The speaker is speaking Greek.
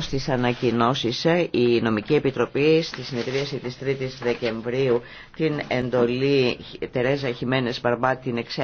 Στις ανακοινώσεις ε, η Νομική Επιτροπή στη συνεδρίαση της 3ης Δεκεμβρίου την εντολή Τερέζα Χιμένες Μπαρμπά την εξέταση